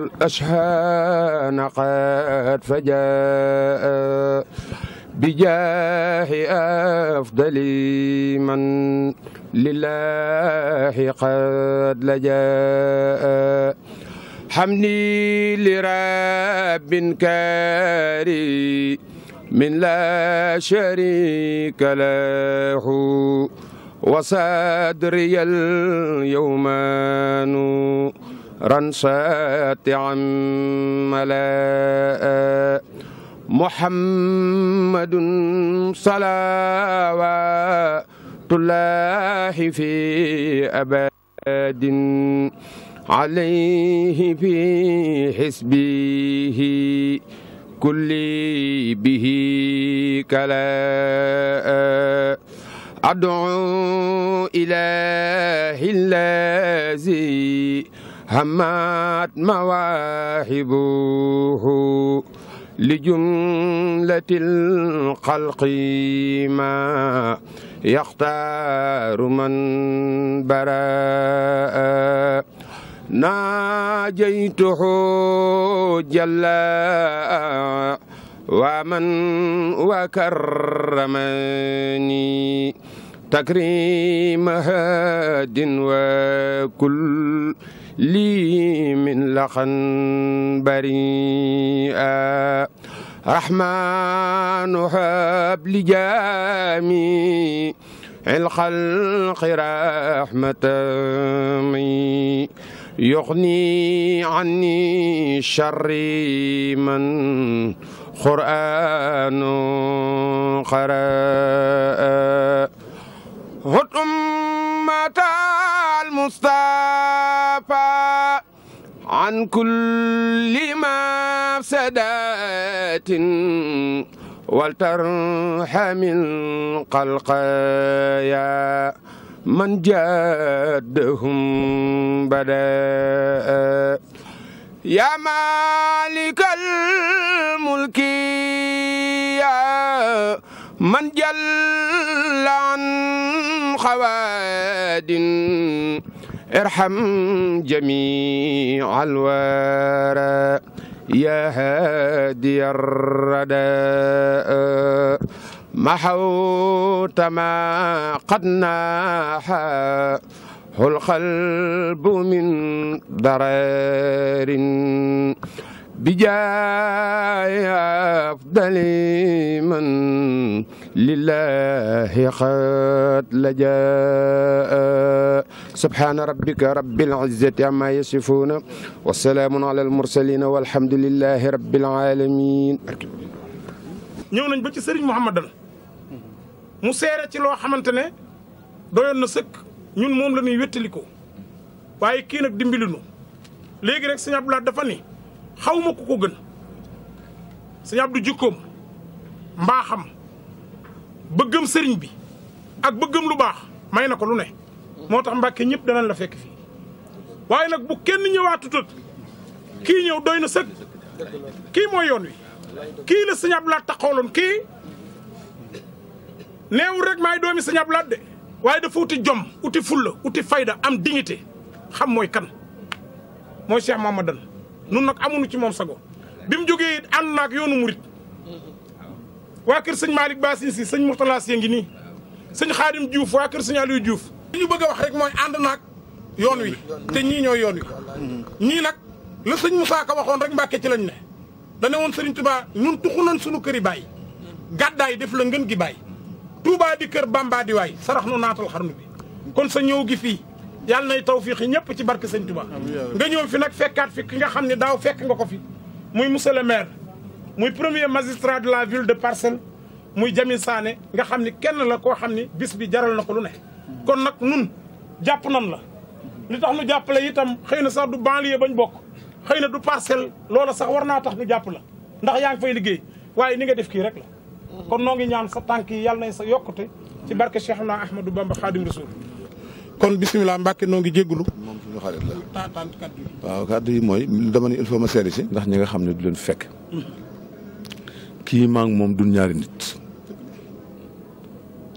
الأشهان قد فجاء بجاه أفضل من لله قد لجاء حمني لرب كاري من لا شريك له وصدري اليومان رنسات عملاء محمد صلوات الله في أباد عليه في حسبه كل به كلاء أدعو إله الذي همات مواهبه لجملة الخلق ما يختار من براء ناجيته جل ومن وكرمني تكريم هاد وكل لي من لخن بريئا رحمن حب لجامي الخلق رحمة يغني عني الشر من قرآن قراء هد أمة عن كل مفسدات ولترحم القلقايا من جادهم بداء يا مالك الملك يا من جل عن خواد ارحم جميع الوراء يا هادي الرداء محوت ما قد ناحى القلب من ضرار بجاه أفضل من لله قد لجأ سبحان ربك رب العزة عما يصفون والسلام على المرسلين والحمد لله رب العالمين نيو نان باتي سيرن محمد دال مو سيري تي لو خامتاني دويون نا سك نون موم لا ني ويتليكو واي كي نك ديمبلونو ليغي رك سيني عبد الله دافا ني خاوما كو كو گن سيني عبد جوكوم مباخم بëggëm sëriñ bi ak bëggëm lu baax may na ko lu ne moo tax Mbàkke ñëpp danañ la fekk fii waaye nag bu kenn ñëwaatutat kii ñëw doy na sëg kii mooy yoon wi kii la sëñ Ablaat taxawloon kii neewul rek maay doomi sëñ Ablaat de waaye dafa uti jom uti fulla uti fayda am dignité xam mooy kan mooy Cheikh Mamadan nun nag amuñu ci moom sago bi mu jógee it ànd naak yoonu murit waa kër sëñ Malick Basin si sëñ Mourtala si ngi nii sëñ Xaadim juuf waa kër sëñ Aliou Diouf li ñu bëgg a wax rek mooy ànd naag yoon wi te ñii ñooy yoon wi ñii nag la sëñ Moussa Ka waxoon rek Mbàkke ci lañ ne dane woon Sëriñ Tuubaa ñun tuxu nañ suñu kër yi bàyyi gàddaay def la ngën gi bàyyi Tuubaa di kër Bàmbaa di waay sarax nu naatal xarnu bi kon sa ñëw gi fii yàlla taw tawfiix yi ñëpp ci barke sëñ Tuubaa nga ñëw fi nag fekkaat fi ki nga xam ne daaw fekk nga ko fi muy monsieur le maire muy premier magistrat de la ville de Parcelles muy Jami Sané nga xam ni kenn la koo xam ni bis bi jaral na ko lu ne kon nag nun jàpp nan la li tax nu jàppale itam xëy na sax du banlieue bañ bokk xëy na du parcelle loola sax war naa tax nu jàpp la ndax yaa ngi fay liggéey waaye ni nga def kii rek la kon noo ngi ñaan sa tànk yi yàlla nañ sa yokkute ci barke Cheikh na Ahmadou Bamba Khadim Rasoul kon bisimilah Mbacke noo ngi jéggulu moom suñu xarit la waaw kaddu yi mooy dama ne il faut ma seede si ndax ñi nga xam ne du leen fekk kii maa moom dun ñaari nit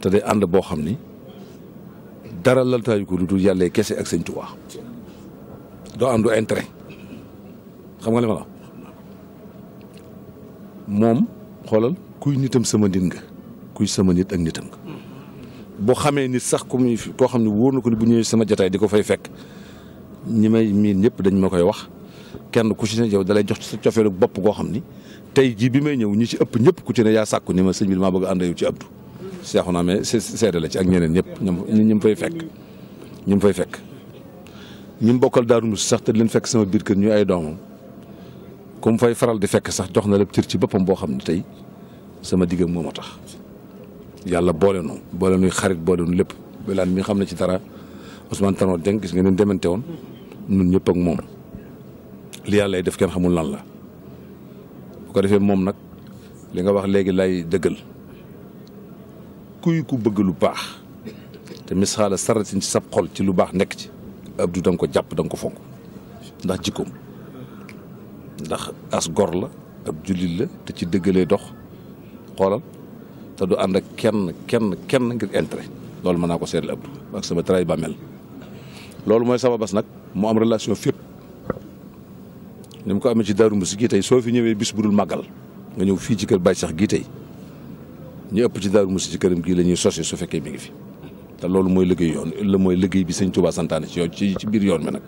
te day ànd boo xam ni dara laltaayu ko dudul yàlla kese ak sañ sëñ waa doo am du intérêt xam nga li ma la moom xoolal kuy nitam sama nit nga kuy sama nit ak nitam nga boo xamee nit sax ku muy koo xam ne wóor na ko ni bu ñëwee sama jataay di ko fay fekk ñi may miin ñëpp dañ ma koy wax kenn ku ci ne yow dalay jox sa cofeelu bopp goo xam ni tey jii bi may ñëw ñi ci ëpp ñëpp ku ci ne yaa sàkku ni ma sëñ bi maa bëgg ànd yow ci Abdou seexu naa mais seede la ci ak ñeneen ñëpp ñu mu fay fekk ñi fay fekk ñu mu bokkal Daaru Muxti sax te leen fekk sama biir kër ñu ay doomam ku mu fay faral di fekk sax jox na lépp cër ci boppam boo xam ne tey sama diggam moom a tax yàlla boole nu boole nuy xarit boole nu lépp belaan mi xam ne ci dara Ousmane Tanor Dieng gis nga ne demante woon nun ñëpp ak moom li yàlla def kenn xamul lan la bu ko defee moom nag li nga wax léegi lay dëggal kuy ku bëgg lu baax te misaala saratin ci sab xol ci lu baax nekk ci Abdou da nga ko jàpp danga ko fonk ndax jikkoom ndax as gor la ab jullit la te ci dëggalee dox xoolal te du ànd ak kenn kenn kenn ngir intérêt loolu mën naa ko seetal Abdou ak sama travail ba loolu mooy sama bas nag mu am relation fépp ni mu ko amee ci Daaru Musi gii tey soo fi ñëwee bis bu dul màggal nga ñëw fii ci kër Baye sax gii tey ñu ëpp ci Daaru Musi ci këram gii la ñuy sose su fekkee mi ngi fi te loolu mooy liggéey yoon la mooy liggéey bi sëñ Touba santaane ci yoon ci ci biir yoon bi nag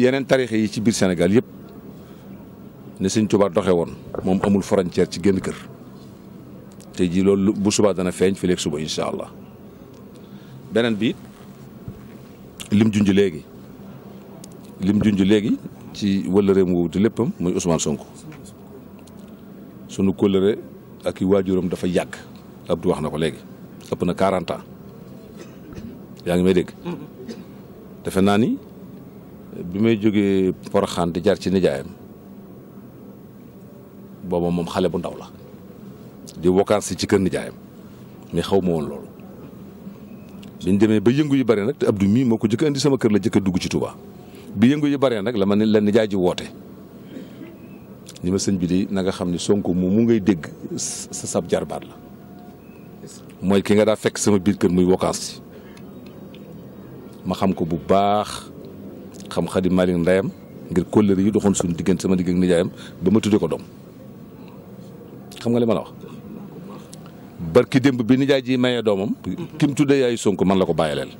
yeneen tarixe yi ci biir Sénégal yëpp ne sëñ Touba doxe woon moom amul frontière ci génn kër tey jii loolu bu subaa dana feeñ fi léegi suba incha allah beneen bi lim junj léegi lim junj léegi ci wëllëreem mu di léppam muy Ousmane Sonko sunu kóllëre ak i waajuram dafa yàgg Abdou wax na ko léegi ëpp na 40 yaa ngi may dégg. Mm-hmm. defe naa ni bi may jógee Porokhane di jaar ci nijaayam booba moom xale bu ndaw la di vacances ci kër nijaayam mais xaw ma woon loolu. biñ demee ba yëngu yu bare nag te Abdou mii moo ko jëkk indi sama kër la jëkk a dugg ci Touba bi yëngu yu bare nag la ma ne la nijaay ji woote. ni ma sëñ bi di na xam ni Sonko mu mu ngay dégg sa sab jarbaat la mooy ki nga daa fekk sama biir kër muy wokaas ma xam ko bu baax xam Xadi Malick ndeyam ngir kóllëre yi doxoon suñu diggante sama digg ak nijaayam ba ma tudde ko doom xam nga li ma la wax barki démb bi nijaay ji mayee doomam kim tuddee yaayu Sonko man la ko bàyyileel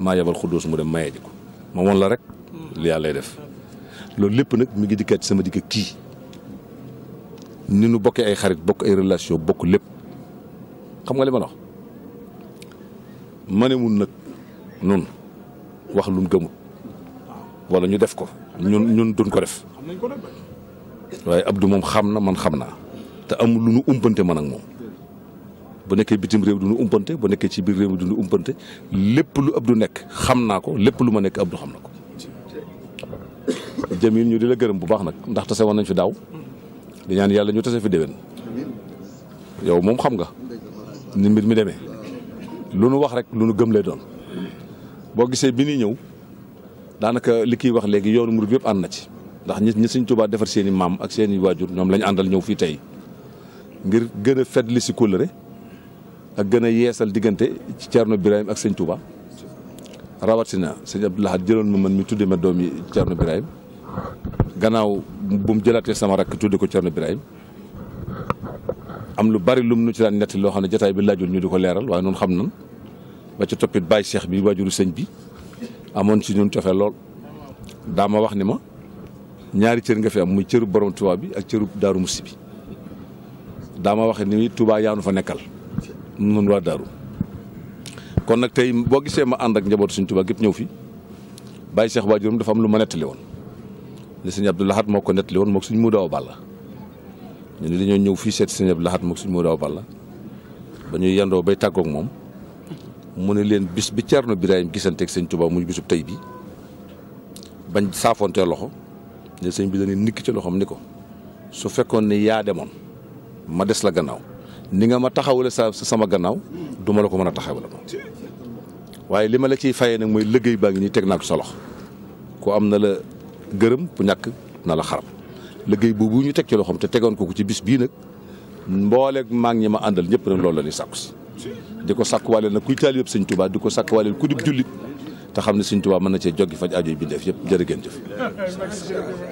maa yebal xuddoos mu dem mayee ji ko ma woon la rek li lay def loolu lépp nag mi ngi dikkaat ci sama dikk kii ni nu bokkee ay xarit bokk ay relation bokk lépp xam nga li ma la wax ma ne mun nag nun wax lu mu gëmut wala ñu def ko ñun ñun duñ ko def waaye Abdou moom xam na man xam naa te amul lu nu umpante man ak moom bu nekkee bitim réew du nu umpante bu nekkee ci biir réew mi du nu umpante lépp lu Abdou nekk xam naa ko lépp lu ma nekk Abdou xam na ko jëm yi ñu di la gërëm bu baax nag ndax tase woon nañ fi daaw di yàlla ñu tase fi déwén yow moom xam nga ni mbir mi demee lu nu wax rek lu nu gëm lay doon boo gisee bi ñuy ñëw daanaka li kiy wax léegi yoonu murid yëpp ànd na ci ndax ñi ñi Sëñ Tuubaa defar seeni i maam ak seeni waajur ñoom lañu àndal ñëw fii tey ngir gën a fetli si kóllëre ak gën a yeesal diggante ci Thierno Birahim ak Sëñ Tuubaa rawatina sëñ Abdou Lahad jëloon ma man mi tudde ma doom yi Thierno Birahim gannaaw bu mu jëlaatee sama rakk tuddi ko Thierno Birahim am lu bari lum nu ci daan netti loo xam ne jataay bi laajul ñu di ko leeral waaye noonu xam nan ba ci toppit Baye Cheikh bi waajuru sëñ bi amoon si ñun cofee lool daa ma wax ni ma ñaari cër nga fi am muy cëru borom Touba bi ak cëru Daaru Musti bi daa ma wax ni tubaa yaanu fa nekkal noonu waa Daaru kon nag tey boo gisee ma ànd ak njabootu suñ Touba gépp ñëw fi Baye Cheikh waajuram dafa lu ma nettali woon ne sëñ Abdou moo ko nettali woon moog suñ mu daaw balla ñu ne dañoo ñëw fii seet sëñ Abdou Lahad moog suñ mu daaw balla ba ñuy yendoo bay tàggook moom mu ne leen bis bi Cerno Birahim gisanteeg sëñ Tuubaa muy bisub tey bi bañ saafontee loxo ne sëñ bi dañuy nikk ci loxoom ni ko su fekkoon ne yaa demoon ma des la gannaaw ni nga ma taxawale sa sama gannaaw du ma la ko mën a taxawale moom waaye li ma la ciy fayee nag mooy liggéey baa ngi teg naa ko sa am na gërëm bu ñàkk na la xaram liggéey boobu ñu teg ci loxoom te tegoon ko ko ci bis bii nag mbooleeg maa ñi ma àndal ñëpp rek loolu la ñuy sàkku si di ko sàkkuwaaleel nag kuy taalibe Sëñ Tuubaa di ko sàkkuwaaleel ku dib jullit te xam ne Sëñ Tuubaa mën na cee joggi faj aajo yi bindeef yëpp jërë ngeen jëf.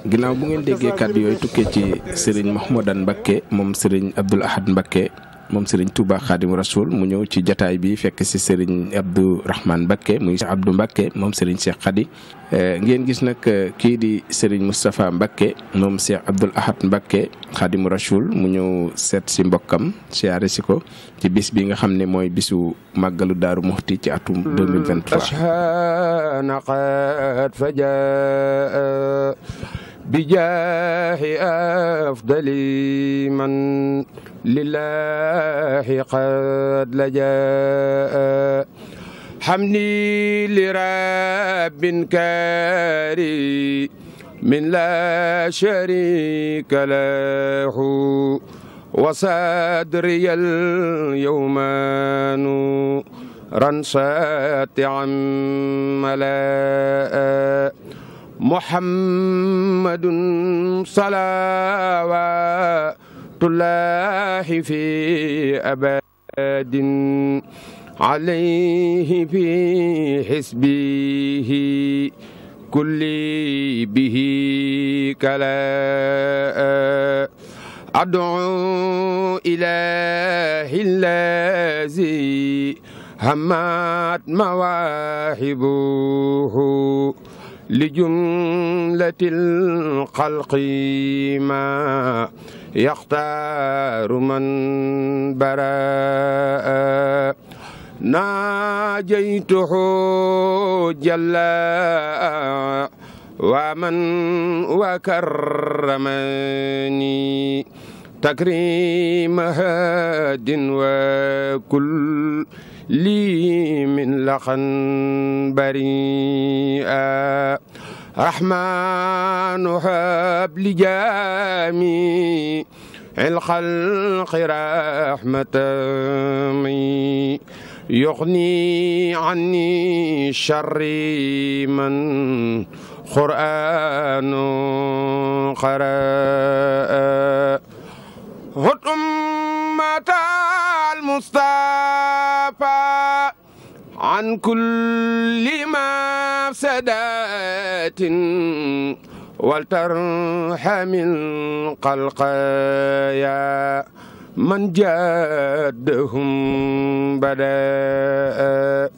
ginnaaw bu ngeen déggee kàddu yooyu tukkee ci Serigne Mahmoudane Mbacke moom Serigne Abdoul Ahad Mbacke moom sëriñ Touba Khadim Rasoul mu ñëw ci jataay bi fekk si sëriñ Abdou Rahman Mbakke muy Abdou Mbakke moom sëriñ Cheikh Khady eh, ngeen gis nag eh, kii di sëriñ Moustapha Mbakke moom Cheikh Abdoul Ahad Mbakke Khadim Rasoul mu ñëw seet si mbokkam siyaare si ko ci bis bi nga xam ne mooy bisu màggalu Daaru Muxti ci atum 2023 hmm, بجاه أفضل من لله قد لجاء حمني لرب كاري من لا شريك له وصدري اليوم نورا ساطعا ملاء محمد صلوات الله في أبد عليه في حسبه كل به كلا أدعو إله الذي همات مواهبه لجملة الخلق ما يختار من براء ناجيته جل ومن وكرمني تكريم هاد وكل لي من لخن بريئا رحمن حب لجامي الخلق رحمة يغني عني الشر من قرآن قراء هتم المستقبل عن كل مفسدات ولترحم القلقايا من جادهم بدا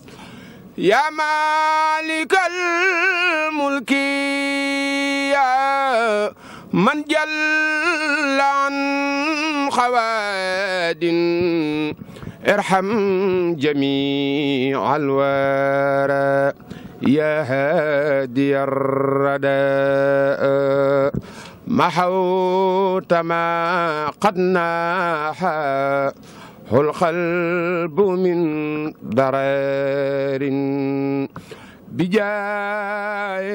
يا مالك الملك يا من جل عن خواد ارحم جميع الوراء يا هادي الرداء محوت ما قد ناحى القلب من ضرار بجاه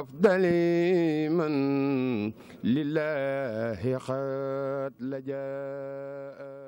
أفضل من لله قد لجأ